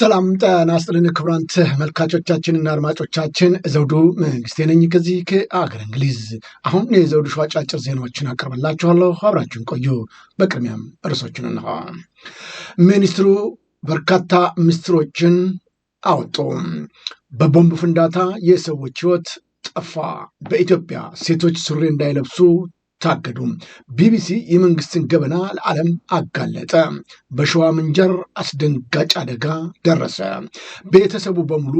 ሰላም ጠና ይስጥልን ክቡራን ተመልካቾቻችንና አድማጮቻችን ዘውዱ መንግስቴ ነኝ ከዚህ ከአገር እንግሊዝ። አሁን የዘውዱ ሾው አጫጭር ዜናዎችን አቀርብላችኋለሁ፣ አብራችሁን ቆዩ። በቅድሚያም ርዕሶችን እንሆ። ሚኒስትሩ በርካታ ምስጢሮችን አወጡ። በቦምብ ፍንዳታ የሰዎች ህይወት ጠፋ። በኢትዮጵያ ሴቶች ሱሪ እንዳይለብሱ ታገዱ። ቢቢሲ የመንግስትን ገበና ለዓለም አጋለጠ። በሸዋ ምንጀር አስደንጋጭ አደጋ ደረሰ። ቤተሰቡ በሙሉ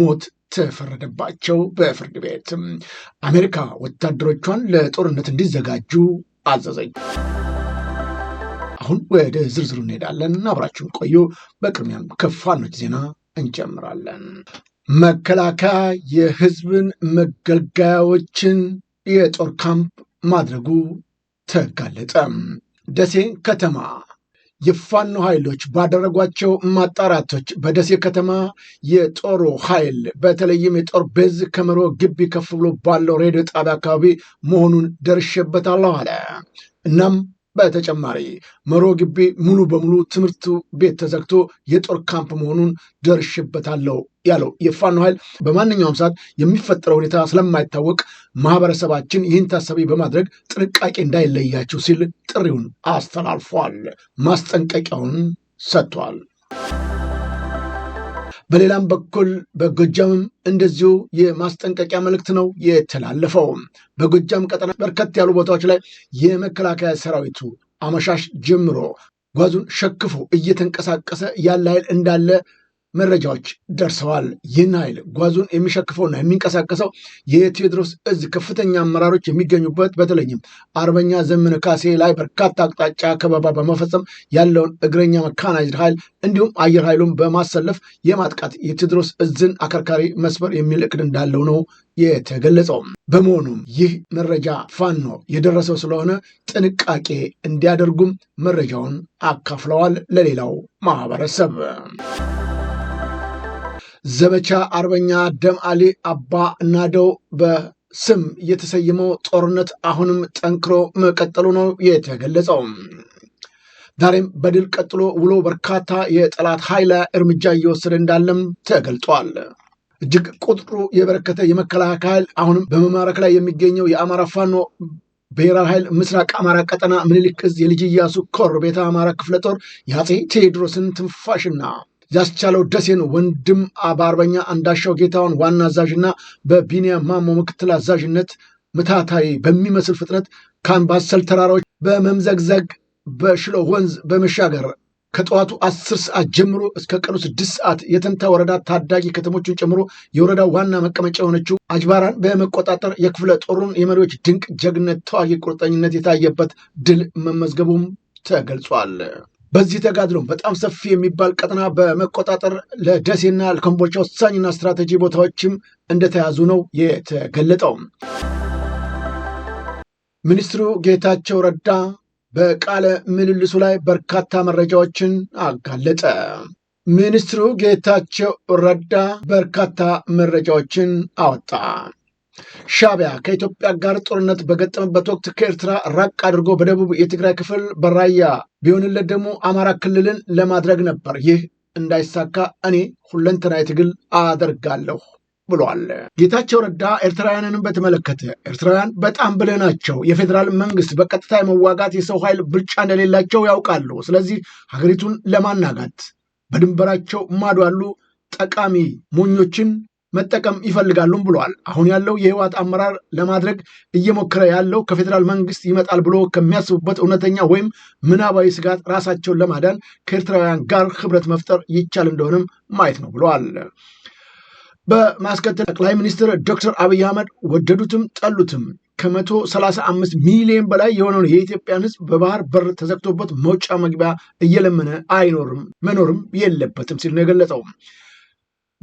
ሞት ተፈረደባቸው በፍርድ ቤት። አሜሪካ ወታደሮቿን ለጦርነት እንዲዘጋጁ አዘዘኝ። አሁን ወደ ዝርዝሩ እንሄዳለን። አብራችሁን ቆዩ። በቅድሚያም ከፋኖች ዜና እንጀምራለን። መከላከያ የህዝብን መገልገያዎችን የጦር ካምፕ ማድረጉ ተጋለጠ። ደሴ ከተማ የፋኖ ኃይሎች ባደረጓቸው ማጣራቶች በደሴ ከተማ የጦሩ ኃይል በተለይም የጦር ቤዝ ከመሮ ግቢ ከፍ ብሎ ባለው ሬዲዮ ጣቢያ አካባቢ መሆኑን ደርሼበታለሁ አለ። እናም በተጨማሪ መሮ ግቢ ሙሉ በሙሉ ትምህርት ቤት ተዘግቶ የጦር ካምፕ መሆኑን ደርሽበታለው ያለው የፋኖ ኃይል በማንኛውም ሰዓት የሚፈጠረው ሁኔታ ስለማይታወቅ ማህበረሰባችን ይህን ታሳቢ በማድረግ ጥንቃቄ እንዳይለያቸው ሲል ጥሪውን አስተላልፏል። ማስጠንቀቂያውን ሰጥቷል። በሌላም በኩል በጎጃምም እንደዚሁ የማስጠንቀቂያ መልእክት ነው የተላለፈው። በጎጃም ቀጠና በርከት ያሉ ቦታዎች ላይ የመከላከያ ሰራዊቱ አመሻሽ ጀምሮ ጓዙን ሸክፎ እየተንቀሳቀሰ ያለ ኃይል እንዳለ መረጃዎች ደርሰዋል። ይህን ኃይል ጓዙን የሚሸክፈውና የሚንቀሳቀሰው የቴዎድሮስ እዝ ከፍተኛ አመራሮች የሚገኙበት በተለይም አርበኛ ዘመነ ካሴ ላይ በርካታ አቅጣጫ ከበባ በመፈጸም ያለውን እግረኛ መካናይዝድ ኃይል እንዲሁም አየር ኃይሉን በማሰለፍ የማጥቃት የቴዎድሮስ እዝን አከርካሪ መስበር የሚል እቅድ እንዳለው ነው የተገለጸው። በመሆኑም ይህ መረጃ ፋኖ የደረሰው ስለሆነ ጥንቃቄ እንዲያደርጉም መረጃውን አካፍለዋል ለሌላው ማህበረሰብ። ዘመቻ አርበኛ ደም አሊ አባ ናደው በስም የተሰየመው ጦርነት አሁንም ጠንክሮ መቀጠሉ ነው የተገለጸው። ዛሬም በድል ቀጥሎ ውሎ በርካታ የጠላት ኃይል እርምጃ እየወሰደ እንዳለም ተገልጧል። እጅግ ቁጥሩ የበረከተ የመከላከያ ኃይል አሁንም በመማረክ ላይ የሚገኘው የአማራ ፋኖ ብሔራዊ ኃይል ምስራቅ አማራ ቀጠና ምኒልክ ዕዝ የልጅ እያሱ ኮር ቤተ አማራ ክፍለ ጦር የአፄ ቴዎድሮስን ትንፋሽና ያስቻለው ደሴን ወንድም በአርበኛ አንዳሻው ጌታውን ዋና አዛዥና በቢኒያም ማሞ ምክትል አዛዥነት ምታታዊ በሚመስል ፍጥነት ከአምባሰል ተራራዎች በመምዘግዘግ በሽሎ ወንዝ በመሻገር ከጠዋቱ አስር ሰዓት ጀምሮ እስከ ቀኑ ስድስት ሰዓት የተንታ ወረዳ ታዳጊ ከተሞችን ጨምሮ የወረዳው ዋና መቀመጫ የሆነችው አጅባራን በመቆጣጠር የክፍለ ጦሩን የመሪዎች ድንቅ ጀግነት፣ ተዋጊ ቁርጠኝነት የታየበት ድል መመዝገቡም ተገልጿል። በዚህ ተጋድሎም በጣም ሰፊ የሚባል ቀጠና በመቆጣጠር ለደሴና ለኮምቦልቻ ወሳኝና ስትራቴጂ ቦታዎችም እንደተያዙ ነው የተገለጠው። ሚኒስትሩ ጌታቸው ረዳ በቃለ ምልልሱ ላይ በርካታ መረጃዎችን አጋለጠ። ሚኒስትሩ ጌታቸው ረዳ በርካታ መረጃዎችን አወጣ። ሻቢያ ከኢትዮጵያ ጋር ጦርነት በገጠመበት ወቅት ከኤርትራ ራቅ አድርጎ በደቡብ የትግራይ ክፍል በራያ ቢሆንለት ደግሞ አማራ ክልልን ለማድረግ ነበር። ይህ እንዳይሳካ እኔ ሁለንተናዊ ትግል አደርጋለሁ ብሏል። ጌታቸው ረዳ ኤርትራውያንንም በተመለከተ ኤርትራውያን በጣም ብልህ ናቸው፣ የፌዴራል መንግስት በቀጥታ የመዋጋት የሰው ኃይል ብልጫ እንደሌላቸው ያውቃሉ። ስለዚህ ሀገሪቱን ለማናጋት በድንበራቸው ማዶ ያሉ ጠቃሚ ሞኞችን መጠቀም ይፈልጋሉም ብለዋል። አሁን ያለው የህወሓት አመራር ለማድረግ እየሞከረ ያለው ከፌዴራል መንግስት ይመጣል ብሎ ከሚያስቡበት እውነተኛ ወይም ምናባዊ ስጋት ራሳቸውን ለማዳን ከኤርትራውያን ጋር ህብረት መፍጠር ይቻል እንደሆነም ማየት ነው ብለዋል። በማስከተል ጠቅላይ ሚኒስትር ዶክተር አብይ አህመድ ወደዱትም ጠሉትም ከመቶ 35 ሚሊዮን በላይ የሆነውን የኢትዮጵያን ህዝብ በባህር በር ተዘግቶበት መውጫ መግቢያ እየለመነ አይኖርም መኖርም የለበትም ሲል ነው የገለጸው።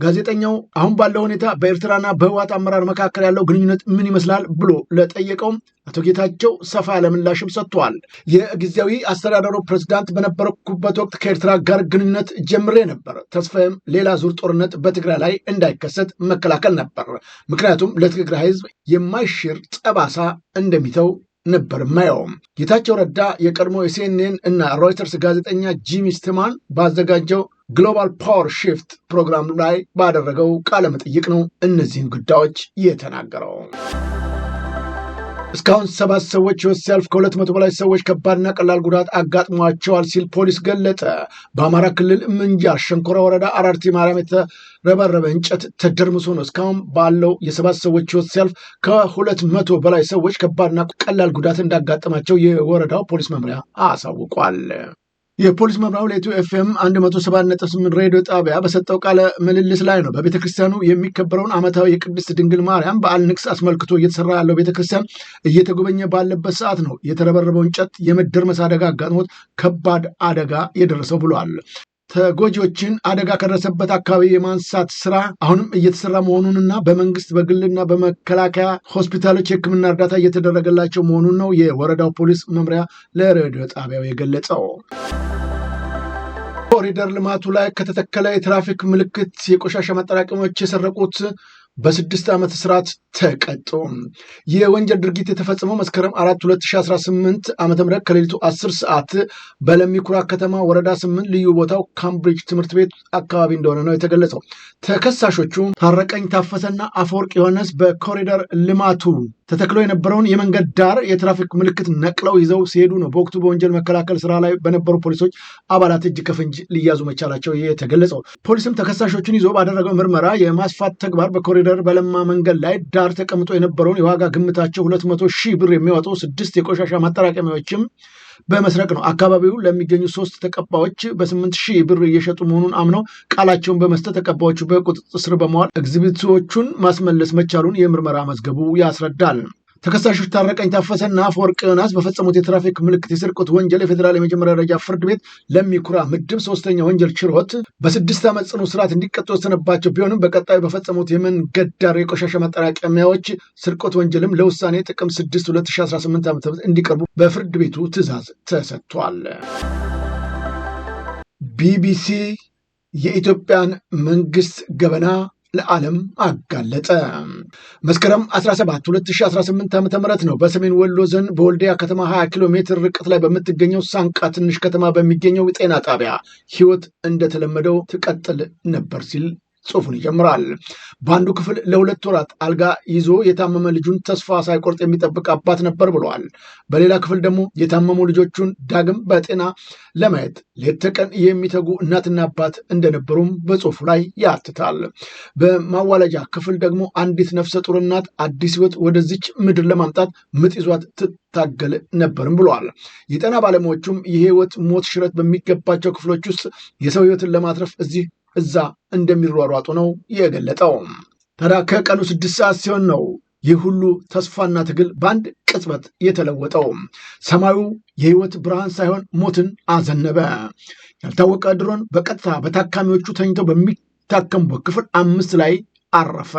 ጋዜጠኛው አሁን ባለው ሁኔታ በኤርትራና በህወሓት አመራር መካከል ያለው ግንኙነት ምን ይመስላል ብሎ ለጠየቀውም አቶ ጌታቸው ሰፋ ያለ ምላሽም ሰጥተዋል። የጊዜያዊ አስተዳደሩ ፕሬዝዳንት በነበረኩበት ወቅት ከኤርትራ ጋር ግንኙነት ጀምሬ ነበር። ተስፋዬም ሌላ ዙር ጦርነት በትግራይ ላይ እንዳይከሰት መከላከል ነበር። ምክንያቱም ለትግራይ ህዝብ የማይሽር ጠባሳ እንደሚተው ነበር ማየውም። ጌታቸው ረዳ የቀድሞ የሲኤንኤን እና ሮይተርስ ጋዜጠኛ ጂሚ ስትማን ባዘጋጀው ግሎባል ፓወር ሺፍት ፕሮግራም ላይ ባደረገው ቃለ መጠይቅ ነው እነዚህን ጉዳዮች የተናገረው። እስካሁን ሰባት ሰዎች ህይወት ሲያልፍ ከሁለት መቶ በላይ ሰዎች ከባድና ቀላል ጉዳት አጋጥሟቸዋል ሲል ፖሊስ ገለጠ። በአማራ ክልል ምንጃር ሸንኮራ ወረዳ አራርቲ ማርያም የተረበረበ እንጨት ተደርምሶ ነው እስካሁን ባለው የሰባት ሰዎች ህይወት ሲያልፍ ከሁለት መቶ በላይ ሰዎች ከባድና ቀላል ጉዳት እንዳጋጠማቸው የወረዳው ፖሊስ መምሪያ አሳውቋል። የፖሊስ መምሪያው ለኢትዮ ኤፍኤም 178 ሬዲዮ ጣቢያ በሰጠው ቃለ ምልልስ ላይ ነው። በቤተ ክርስቲያኑ የሚከበረውን ዓመታዊ የቅድስት ድንግል ማርያም በዓል ንግስ አስመልክቶ እየተሰራ ያለው ቤተ ክርስቲያን እየተጎበኘ ባለበት ሰዓት ነው የተረበረበው እንጨት የመደርመስ አደጋ አጋጥሞት ከባድ አደጋ የደረሰው ብሏል። ተጎጂዎችን አደጋ ከደረሰበት አካባቢ የማንሳት ስራ አሁንም እየተሰራ መሆኑንና በመንግስት በግልና በመከላከያ ሆስፒታሎች የህክምና እርዳታ እየተደረገላቸው መሆኑን ነው የወረዳው ፖሊስ መምሪያ ለሬዲዮ ጣቢያው የገለጸው። ኮሪደር ልማቱ ላይ ከተተከለ የትራፊክ ምልክት የቆሻሻ ማጠራቀሚያዎች የሰረቁት በስድስት ዓመት እስራት ተቀጦ የወንጀል ድርጊት የተፈጸመው መስከረም አራት 2018 ዓ ም ከሌሊቱ 10 ሰዓት በለሚኩራ ከተማ ወረዳ 8 ልዩ ቦታው ካምብሪጅ ትምህርት ቤት አካባቢ እንደሆነ ነው የተገለጸው። ተከሳሾቹ ታረቀኝ ታፈሰና አፈወርቅ ዮሐንስ በኮሪደር ልማቱ ተተክሎ የነበረውን የመንገድ ዳር የትራፊክ ምልክት ነቅለው ይዘው ሲሄዱ ነው በወቅቱ በወንጀል መከላከል ስራ ላይ በነበሩ ፖሊሶች አባላት እጅ ከፍንጅ ሊያዙ መቻላቸው የተገለጸው። ፖሊስም ተከሳሾቹን ይዞ ባደረገው ምርመራ የማስፋት ተግባር በኮሪደር ኮሪደር በለማ መንገድ ላይ ዳር ተቀምጦ የነበረውን የዋጋ ግምታቸው ሁለት መቶ ሺህ ብር የሚያወጡ ስድስት የቆሻሻ ማጠራቀሚያዎችም በመስረቅ ነው። አካባቢው ለሚገኙ ሶስት ተቀባዮች በስምንት ሺህ ብር እየሸጡ መሆኑን አምነው ቃላቸውን በመስጠት ተቀባዮቹ በቁጥጥር ስር በመዋል ኤግዚቢቶቹን ማስመለስ መቻሉን የምርመራ መዝገቡ ያስረዳል። ተከሳሾች ታረቀኝ ታፈሰና አፈወርቅ ዮናስ በፈጸሙት የትራፊክ ምልክት የስርቆት ወንጀል የፌዴራል የመጀመሪያ ደረጃ ፍርድ ቤት ለሚኩራ ምድብ ሶስተኛ ወንጀል ችሎት በስድስት ዓመት ጽኑ ስርዓት እንዲቀጡ ወሰነባቸው ቢሆንም በቀጣዩ በፈጸሙት የመንገድ ዳር የቆሻሻ ማጠራቀሚያዎች ስርቆት ወንጀልም ለውሳኔ ጥቅም 6 2018 ዓ ም እንዲቀርቡ በፍርድ ቤቱ ትዕዛዝ ተሰጥቷል። ቢቢሲ የኢትዮጵያን መንግስት ገበና ለዓለም አጋለጠ። መስከረም 17 2018 ዓ ም ነው በሰሜን ወሎ ዞን በወልዲያ ከተማ 20 ኪሎ ሜትር ርቀት ላይ በምትገኘው ሳንቃ ትንሽ ከተማ በሚገኘው ጤና ጣቢያ ህይወት እንደተለመደው ትቀጥል ነበር ሲል ጽሁፉን ይጀምራል። በአንዱ ክፍል ለሁለት ወራት አልጋ ይዞ የታመመ ልጁን ተስፋ ሳይቆርጥ የሚጠብቅ አባት ነበር ብለዋል። በሌላ ክፍል ደግሞ የታመሙ ልጆቹን ዳግም በጤና ለማየት ሌት ተቀን የሚተጉ እናትና አባት እንደነበሩም በጽሁፉ ላይ ያትታል። በማዋለጃ ክፍል ደግሞ አንዲት ነፍሰ ጡር እናት አዲስ ህይወት ወደዚች ምድር ለማምጣት ምጥ ይዟት ትታገል ነበርም ብለዋል። የጤና ባለሙያዎቹም የህይወት ሞት ሽረት በሚገባቸው ክፍሎች ውስጥ የሰው ህይወትን ለማትረፍ እዚህ እዛ እንደሚሯሯጡ ነው የገለጠው። ታዲያ ከቀኑ ስድስት ሰዓት ሲሆን ነው ይህ ሁሉ ተስፋና ትግል በአንድ ቅጽበት የተለወጠው። ሰማዩ የህይወት ብርሃን ሳይሆን ሞትን አዘነበ። ያልታወቀ ድሮን በቀጥታ በታካሚዎቹ ተኝተው በሚታከሙበት ክፍል አምስት ላይ አረፈ።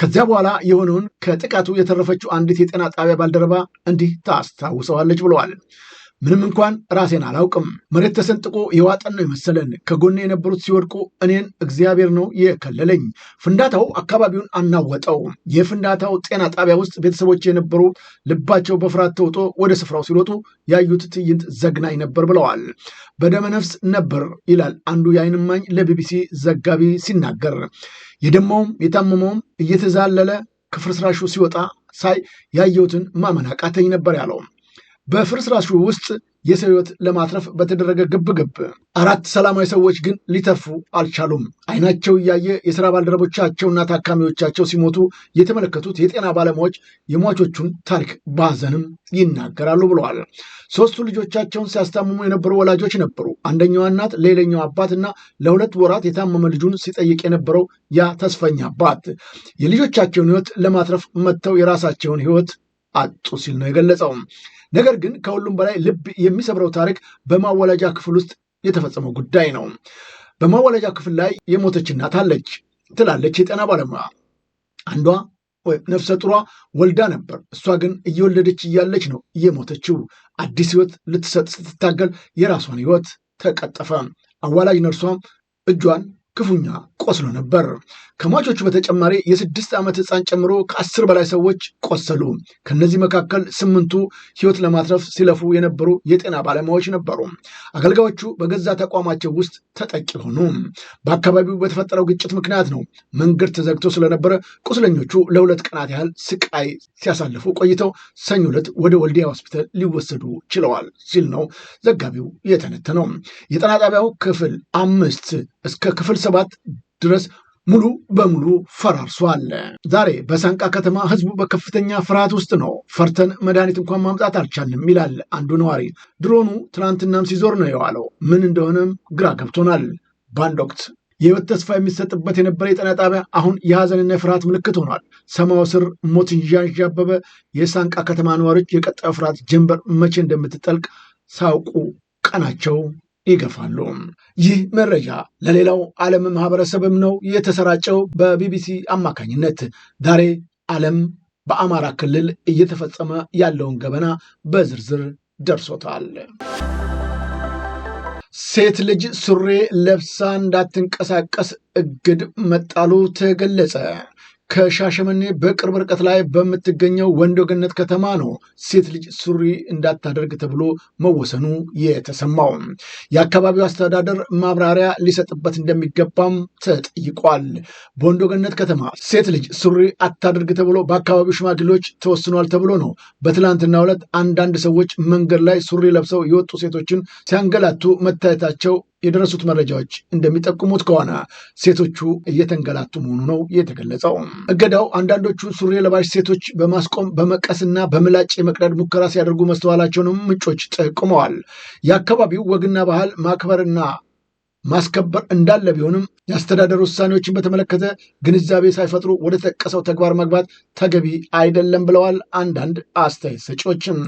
ከዚያ በኋላ የሆነውን ከጥቃቱ የተረፈችው አንዲት የጤና ጣቢያ ባልደረባ እንዲህ ታስታውሰዋለች ብለዋል። ምንም እንኳን ራሴን አላውቅም። መሬት ተሰንጥቆ የዋጠን ነው የመሰለን። ከጎን የነበሩት ሲወድቁ እኔን እግዚአብሔር ነው የከለለኝ። ፍንዳታው አካባቢውን አናወጠው። የፍንዳታው ጤና ጣቢያ ውስጥ ቤተሰቦች የነበሩ ልባቸው በፍርሃት ተውጦ ወደ ስፍራው ሲሮጡ ያዩት ትዕይንት ዘግናኝ ነበር ብለዋል። በደመነፍስ ነበር ይላል አንዱ የዓይን እማኝ ለቢቢሲ ዘጋቢ ሲናገር የደማውም የታመመውም እየተዛለለ ከፍርስራሹ ሲወጣ ሳይ ያየሁትን ማመን አቃተኝ ነበር ያለው። በፍርስራሹ ውስጥ የሰው ህይወት ለማትረፍ በተደረገ ግብግብ አራት ሰላማዊ ሰዎች ግን ሊተርፉ አልቻሉም። አይናቸው እያየ የስራ ባልደረቦቻቸውና ታካሚዎቻቸው ሲሞቱ የተመለከቱት የጤና ባለሙያዎች የሟቾቹን ታሪክ በሀዘንም ይናገራሉ ብለዋል። ሶስቱ ልጆቻቸውን ሲያስታምሙ የነበሩ ወላጆች ነበሩ። አንደኛዋ እናት፣ ሌላኛው አባት እና ለሁለት ወራት የታመመ ልጁን ሲጠይቅ የነበረው ያ ተስፈኛ አባት የልጆቻቸውን ህይወት ለማትረፍ መጥተው የራሳቸውን ህይወት አጡ ሲል ነው የገለጸው። ነገር ግን ከሁሉም በላይ ልብ የሚሰብረው ታሪክ በማወላጃ ክፍል ውስጥ የተፈጸመው ጉዳይ ነው። በማወላጃ ክፍል ላይ የሞተች እናት አለች ትላለች የጤና ባለሙያ። አንዷ ወይም ነፍሰ ጡሯ ወልዳ ነበር። እሷ ግን እየወለደች እያለች ነው የሞተችው። አዲስ ህይወት ልትሰጥ ስትታገል የራሷን ህይወት ተቀጠፈ። አዋላጅ ነርሷ እጇን ክፉኛ ቆስሎ ነበር። ከሟቾቹ በተጨማሪ የስድስት ዓመት ህፃን ጨምሮ ከአስር በላይ ሰዎች ቆሰሉ። ከነዚህ መካከል ስምንቱ ህይወት ለማትረፍ ሲለፉ የነበሩ የጤና ባለሙያዎች ነበሩ። አገልጋዮቹ በገዛ ተቋማቸው ውስጥ ተጠቂ ሆኑ። በአካባቢው በተፈጠረው ግጭት ምክንያት ነው። መንገድ ተዘግቶ ስለነበረ ቁስለኞቹ ለሁለት ቀናት ያህል ስቃይ ሲያሳልፉ ቆይተው ሰኞ ዕለት ወደ ወልዲያ ሆስፒታል ሊወሰዱ ችለዋል ሲል ነው ዘጋቢው የተነተነው። የጤና ጣቢያው ክፍል አምስት እስከ ክፍል ሰባት ድረስ ሙሉ በሙሉ ፈራርሷል። ዛሬ በሳንቃ ከተማ ህዝቡ በከፍተኛ ፍርሃት ውስጥ ነው። ፈርተን መድኃኒት እንኳን ማምጣት አልቻልንም ይላል አንዱ ነዋሪ። ድሮኑ ትናንትናም ሲዞር ነው የዋለው። ምን እንደሆነም ግራ ገብቶናል። በአንድ ወቅት የህይወት ተስፋ የሚሰጥበት የነበረ የጤና ጣቢያ አሁን የሀዘንና የፍርሃት ምልክት ሆኗል። ሰማዩ ስር ሞት እያንዣበበ የሳንቃ ከተማ ነዋሪዎች የቀጣዩ ፍርሃት ጀንበር መቼ እንደምትጠልቅ ሳያውቁ ቀናቸው ይገፋሉ። ይህ መረጃ ለሌላው ዓለም ማህበረሰብም ነው የተሰራጨው። በቢቢሲ አማካኝነት ዛሬ ዓለም በአማራ ክልል እየተፈጸመ ያለውን ገበና በዝርዝር ደርሶታል። ሴት ልጅ ሱሪ ለብሳ እንዳትንቀሳቀስ እግድ መጣሉ ተገለጸ። ከሻሸመኔ በቅርብ ርቀት ላይ በምትገኘው ወንዶ ገነት ከተማ ነው ሴት ልጅ ሱሪ እንዳታደርግ ተብሎ መወሰኑ የተሰማው። የአካባቢው አስተዳደር ማብራሪያ ሊሰጥበት እንደሚገባም ተጠይቋል። በወንዶ ገነት ከተማ ሴት ልጅ ሱሪ አታደርግ ተብሎ በአካባቢው ሽማግሌዎች ተወስኗል ተብሎ ነው በትላንትና ዕለት አንዳንድ ሰዎች መንገድ ላይ ሱሪ ለብሰው የወጡ ሴቶችን ሲያንገላቱ መታየታቸው የደረሱት መረጃዎች እንደሚጠቁሙት ከሆነ ሴቶቹ እየተንገላቱ መሆኑ ነው የተገለጸው። እገዳው አንዳንዶቹ ሱሪ ለባሽ ሴቶች በማስቆም በመቀስና በምላጭ የመቅደድ ሙከራ ሲያደርጉ መስተዋላቸውንም ምንጮች ጠቁመዋል። የአካባቢው ወግና ባህል ማክበርና ማስከበር እንዳለ ቢሆንም የአስተዳደር ውሳኔዎችን በተመለከተ ግንዛቤ ሳይፈጥሩ ወደ ተጠቀሰው ተግባር መግባት ተገቢ አይደለም ብለዋል አንዳንድ አስተያየት ሰጪዎችም።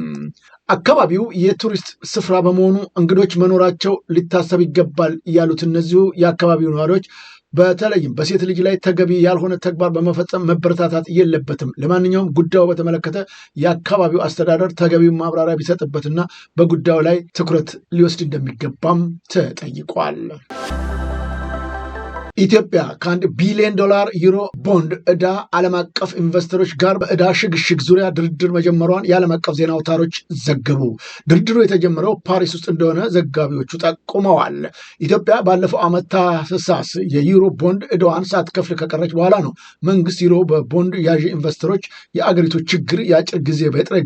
አካባቢው የቱሪስት ስፍራ በመሆኑ እንግዶች መኖራቸው ሊታሰብ ይገባል ያሉት እነዚሁ የአካባቢው ነዋሪዎች በተለይም በሴት ልጅ ላይ ተገቢ ያልሆነ ተግባር በመፈጸም መበረታታት የለበትም። ለማንኛውም ጉዳዩ በተመለከተ የአካባቢው አስተዳደር ተገቢው ማብራሪያ ቢሰጥበትና በጉዳዩ ላይ ትኩረት ሊወስድ እንደሚገባም ተጠይቋል። ኢትዮጵያ ከአንድ ቢሊዮን ዶላር ዩሮ ቦንድ ዕዳ ዓለም አቀፍ ኢንቨስተሮች ጋር በዕዳ ሽግሽግ ዙሪያ ድርድር መጀመሯን የዓለም አቀፍ ዜና አውታሮች ዘገቡ። ድርድሩ የተጀመረው ፓሪስ ውስጥ እንደሆነ ዘጋቢዎቹ ጠቁመዋል። ኢትዮጵያ ባለፈው ዓመት ታህሳስ የዩሮ ቦንድ ዕዳዋን ሳትከፍል ከቀረች በኋላ ነው መንግስት ዩሮ በቦንድ ያዥ ኢንቨስተሮች የአገሪቱ ችግር የአጭር ጊዜ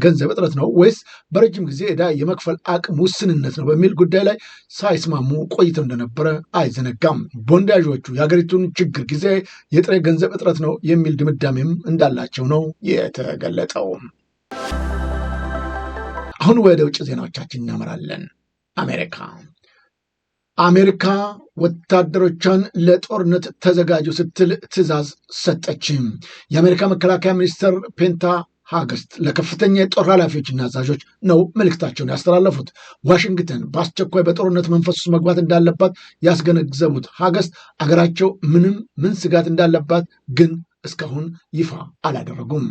ገንዘብ እጥረት ነው ወይስ በረጅም ጊዜ ዕዳ የመክፈል አቅም ውስንነት ነው በሚል ጉዳይ ላይ ሳይስማሙ ቆይተው እንደነበረ አይዘነጋም። ቦንድ ያዦቹ የሀገሪቱን ችግር ጊዜ የጥሬ ገንዘብ እጥረት ነው የሚል ድምዳሜም እንዳላቸው ነው የተገለጠው። አሁን ወደ ውጭ ዜናዎቻችን እናመራለን። አሜሪካ አሜሪካ ወታደሮቿን ለጦርነት ተዘጋጁ ስትል ትዕዛዝ ሰጠች። የአሜሪካ መከላከያ ሚኒስቴር ፔንታ ሀገስት ለከፍተኛ የጦር ኃላፊዎችና አዛዦች ነው መልእክታቸውን ያስተላለፉት። ዋሽንግተን በአስቸኳይ በጦርነት መንፈስ ውስጥ መግባት እንዳለባት ያስገነዘቡት ሀገስት አገራቸው ምንም ምን ስጋት እንዳለባት ግን እስካሁን ይፋ አላደረጉም።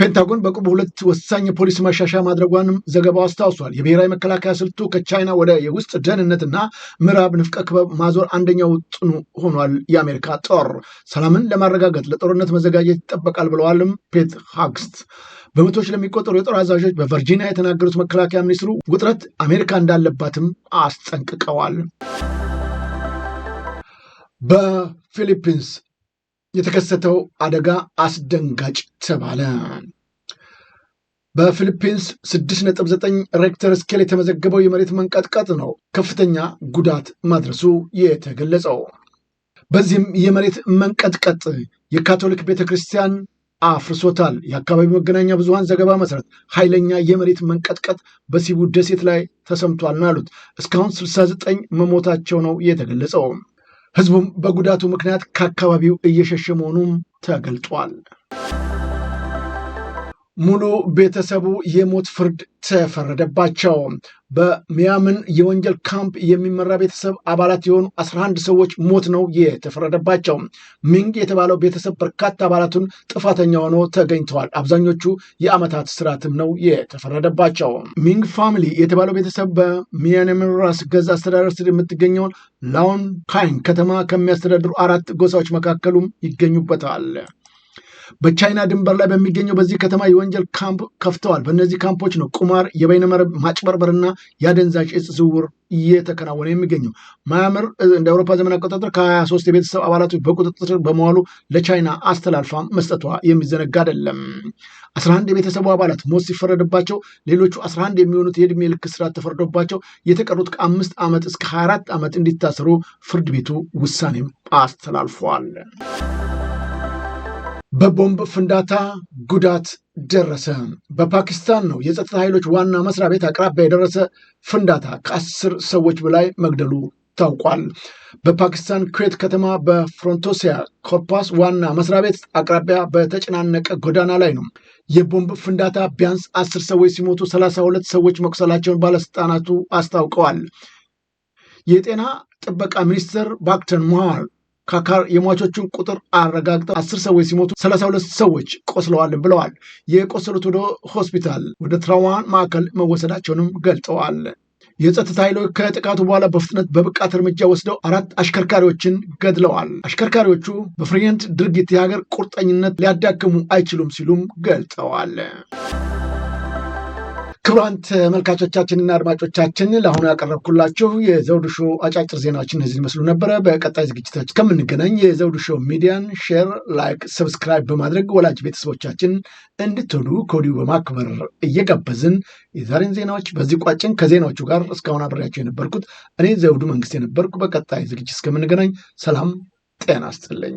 ፔንታጎን በቅርቡ ሁለት ወሳኝ የፖሊሲ ማሻሻያ ማድረጓንም ዘገባው አስታውሷል። የብሔራዊ መከላከያ ስልቱ ከቻይና ወደ የውስጥ ደህንነትና ምዕራብ ንፍቀ ክበብ ማዞር አንደኛው ጥኑ ሆኗል። የአሜሪካ ጦር ሰላምን ለማረጋገጥ ለጦርነት መዘጋጀት ይጠበቃል ብለዋልም ፔት ሃግስት። በመቶዎች ለሚቆጠሩ የጦር አዛዦች በቨርጂኒያ የተናገሩት መከላከያ ሚኒስትሩ ውጥረት አሜሪካ እንዳለባትም አስጠንቅቀዋል። በፊሊፒንስ የተከሰተው አደጋ አስደንጋጭ ተባለ። በፊሊፒንስ 6.9 ሬክተር ስኬል የተመዘገበው የመሬት መንቀጥቀጥ ነው ከፍተኛ ጉዳት ማድረሱ የተገለጸው። በዚህም የመሬት መንቀጥቀጥ የካቶሊክ ቤተ ክርስቲያን አፍርሶታል። የአካባቢው መገናኛ ብዙሃን ዘገባ መሰረት ኃይለኛ የመሬት መንቀጥቀጥ በሲቡ ደሴት ላይ ተሰምቷል ነው ያሉት። እስካሁን 69 መሞታቸው ነው የተገለጸው። ህዝቡም በጉዳቱ ምክንያት ከአካባቢው እየሸሸ መሆኑም ተገልጧል። ሙሉ ቤተሰቡ የሞት ፍርድ ተፈረደባቸው። በሚያምን የወንጀል ካምፕ የሚመራ ቤተሰብ አባላት የሆኑ 11 ሰዎች ሞት ነው የተፈረደባቸው። ሚንግ የተባለው ቤተሰብ በርካታ አባላቱን ጥፋተኛ ሆኖ ተገኝተዋል። አብዛኞቹ የአመታት ስርዓትም ነው የተፈረደባቸው። ሚንግ ፋሚሊ የተባለው ቤተሰብ በሚያንማር ራስ ገዝ አስተዳደር ስር የምትገኘውን ላውን ካይን ከተማ ከሚያስተዳድሩ አራት ጎሳዎች መካከሉም ይገኙበታል። በቻይና ድንበር ላይ በሚገኘው በዚህ ከተማ የወንጀል ካምፕ ከፍተዋል። በእነዚህ ካምፖች ነው ቁማር፣ የበይነመረብ ማጭበርበርና የአደንዛዥ እጽ ዝውውር እየተከናወነ የሚገኘው። ማያምር እንደ አውሮፓ ዘመን አቆጣጠር ከ23 የቤተሰብ አባላቶች በቁጥጥር በመዋሉ ለቻይና አስተላልፋ መስጠቷ የሚዘነጋ አይደለም። 11 የቤተሰቡ አባላት ሞት ሲፈረድባቸው ሌሎቹ 11 የሚሆኑት የእድሜ ልክ እስራት ተፈርዶባቸው የተቀሩት ከአምስት ዓመት እስከ 24 ዓመት እንዲታሰሩ ፍርድ ቤቱ ውሳኔም አስተላልፏል። በቦምብ ፍንዳታ ጉዳት ደረሰ። በፓኪስታን ነው የጸጥታ ኃይሎች ዋና መስሪያ ቤት አቅራቢያ የደረሰ ፍንዳታ ከአስር ሰዎች በላይ መግደሉ ታውቋል። በፓኪስታን ኩዌት ከተማ በፍሮንቶሲያ ኮርፓስ ዋና መስሪያ ቤት አቅራቢያ በተጨናነቀ ጎዳና ላይ ነው የቦምብ ፍንዳታ ቢያንስ አስር ሰዎች ሲሞቱ ሰላሳ ሁለት ሰዎች መቁሰላቸውን ባለስልጣናቱ አስታውቀዋል። የጤና ጥበቃ ሚኒስትር ባክተን ሞሃር ካካር የሟቾቹን ቁጥር አረጋግጠው አስር ሰዎች ሲሞቱ ሰላሳ ሁለት ሰዎች ቆስለዋል ብለዋል። የቆሰሉት ወደ ሆስፒታል ወደ ትራዋን ማዕከል መወሰዳቸውንም ገልጠዋል። የጸጥታ ኃይሎች ከጥቃቱ በኋላ በፍጥነት በብቃት እርምጃ ወስደው አራት አሽከርካሪዎችን ገድለዋል። አሽከርካሪዎቹ በፍሬንት ድርጊት የሀገር ቁርጠኝነት ሊያዳክሙ አይችሉም ሲሉም ገልጠዋል። ክቡራን ተመልካቾቻችንና አድማጮቻችን ለአሁኑ ያቀረብኩላችሁ የዘውዱ ሾው አጫጭር ዜናዎች እነዚህ ይመስሉ ነበረ። በቀጣይ ዝግጅቶች ከምንገናኝ የዘውዱ ሾው ሚዲያን ሼር፣ ላይክ፣ ሰብስክራይብ በማድረግ ወላጅ ቤተሰቦቻችን እንድትወዱ ከወዲሁ በማክበር እየጋበዝን የዛሬን ዜናዎች በዚህ ቋጭን። ከዜናዎቹ ጋር እስካሁን አብሬያቸው የነበርኩት እኔ ዘውዱ መንግስት የነበርኩ። በቀጣይ ዝግጅት እስከምንገናኝ ሰላም ጤና አስጥልኝ።